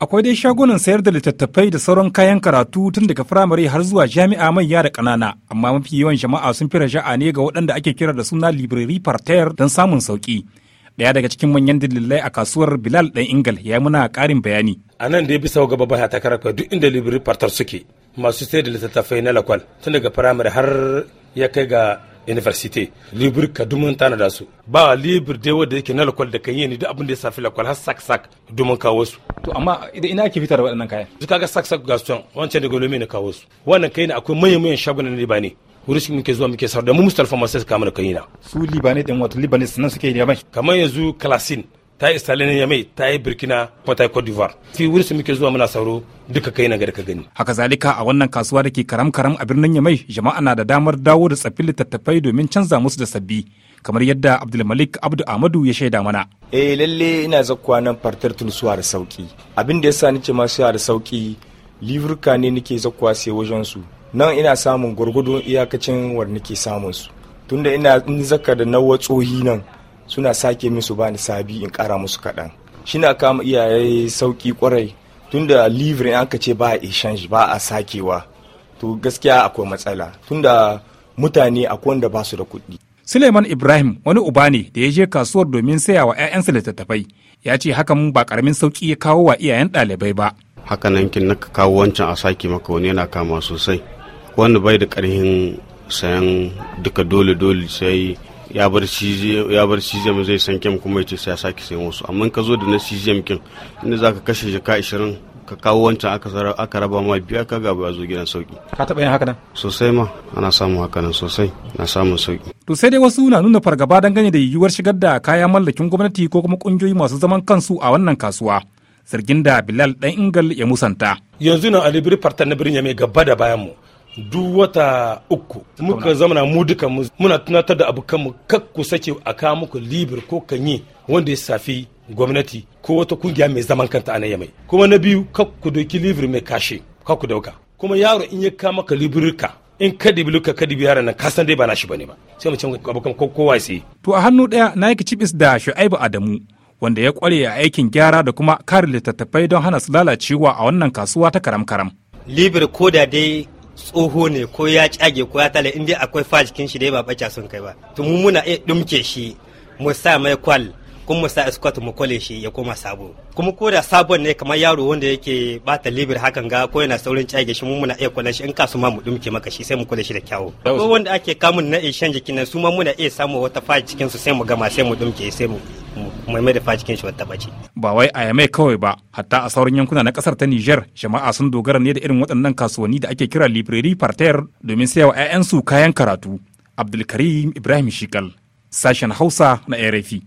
Akwai dai shagunan sayar da littattafai da sauran kayan karatu tun daga firamare har zuwa jami'a manya da kanana amma mafi yawan jama'a sun fi raja'a ne ga waɗanda ake kira da suna libiri parter don samun sauƙi. ɗaya daga cikin manyan dalilai a kasuwar Bilal ɗan Ingal ya muna ƙarin bayani. A nan dai bisa gaba baya ta karaka duk inda library parter suke masu sayar da littattafai na lakwal tun daga firamare har ya kai ga université Libre. ka dumin tana da su ba libre dai wanda yake na lokal da kan yi ni duk abin da ya safi lokal har sak sak dumin kawo su to amma idan ina ake fitar da waɗannan kayan su ga sak sak ga su wancan da golomi ne kawo su wannan kai ne akwai manyan manyan shagunan ne ba ne wurin shi muke zuwa muke sa mu mustalfa masu kama da kayina su libanese din wato libanese nan suke yaban kamar yanzu classine ta yi salin yame ta yi birkina kuma ta yi cote d'ivoire fi wuri su muke zuwa muna sauro duka kai na gari ka gani haka zalika a wannan kasuwa da ke karam karam a birnin yamai jama'a na da damar dawo da tsaffin littattafai domin canza musu da sabbi kamar yadda abdulmalik abdu amadu ya shaida mana eh lalle ina zakkuwa nan fartar tulsuwa da sauki abin da yasa nace ma suwa da sauki livruka ne nake zakkuwa sai wajen su nan ina samun gwargwadon iyakacin war nake samun su tunda ina in zaka da nawa tsohi nan suna sake musu su bani sabi in kara musu kaɗan shi na kama iyaye sauki kwarai tunda livre an ka ce ba a exchange ba a sakewa to gaskiya akwai matsala tunda mutane akwai wanda ba su da kuɗi Suleiman Ibrahim wani uba ne da ya je kasuwar domin saya wa 'ya'yansa littattafai ya ce hakan ba karamin sauki ya kawo wa iyayen ɗalibai ba. Hakanan kin naka kawo wancan a sake maka wani yana kama sosai wanda bai da ƙarfin sayan duka dole dole sai ya bar cgm zai san kyam kuma ya ce sai ya sake sayan wasu amma ka zo da na cgm kin inda za ka kashe jaka ishirin ka kawo wancan aka raba ma biya ka gaba ya zo gidan sauki ka taɓa yin hakanan sosai ma ana samun hakanan sosai na samun sauki to sai dai wasu na nuna fargaba dangane da yiwuwar shigar da kayan mallakin gwamnati ko kuma kungiyoyi masu zaman kansu a wannan kasuwa zargin da bilal dan ingal ya musanta yanzu na alibiri fartan na birnin ya mai gaba da bayan mu duk wata uku muka zamana mu duka muna tunatar da abokanmu kak ku sake a kawo muku libir ko kanyi wanda ya safi gwamnati ko wata kungiya mai zaman kanta a nan yamai kuma na biyu kak ku doki libir mai kashe kak ku dauka kuma yaro in ya kama ka libirka in ka dibi luka ka dibi yaran nan ka san dai ba nashi bane ba sai mu ce abokan kowa sai to a hannu daya na yake cibis da Shu'aibu Adamu wanda ya kware a aikin gyara da kuma kare littattafai don hana su lalacewa a wannan kasuwa ta karam karam libir ko da dai tsoho ne ko ya kyage ko ya tale in dai akwai fa jikin shi da ba baca sun kai ba to mu muna iya dumke shi mu sa mai kwal kuma mu sa escort mu kwale shi ya koma sabo kuma ko da sabon ne kamar yaro wanda yake bata libir hakan ga ko yana saurin cage shi mu muna iya kwalan shi in ka ma mu dumke maka shi sai mu kwale shi da kyawu ko wanda ake kamun na ishan jikin nan su ma muna iya samu wata fa cikin su sai mu gama sai mu dumke sai mu mai mai da cikin shi wata bace ba wai a yamai kawai ba hatta a sauran yankuna na kasar ta Niger jama'a sun dogara ne da irin waɗannan kasuwanni da ake kira library Parter domin sayawa 'ya'yansu kayan karatu Abdulkarim Ibrahim Shikal sashen Hausa na RFI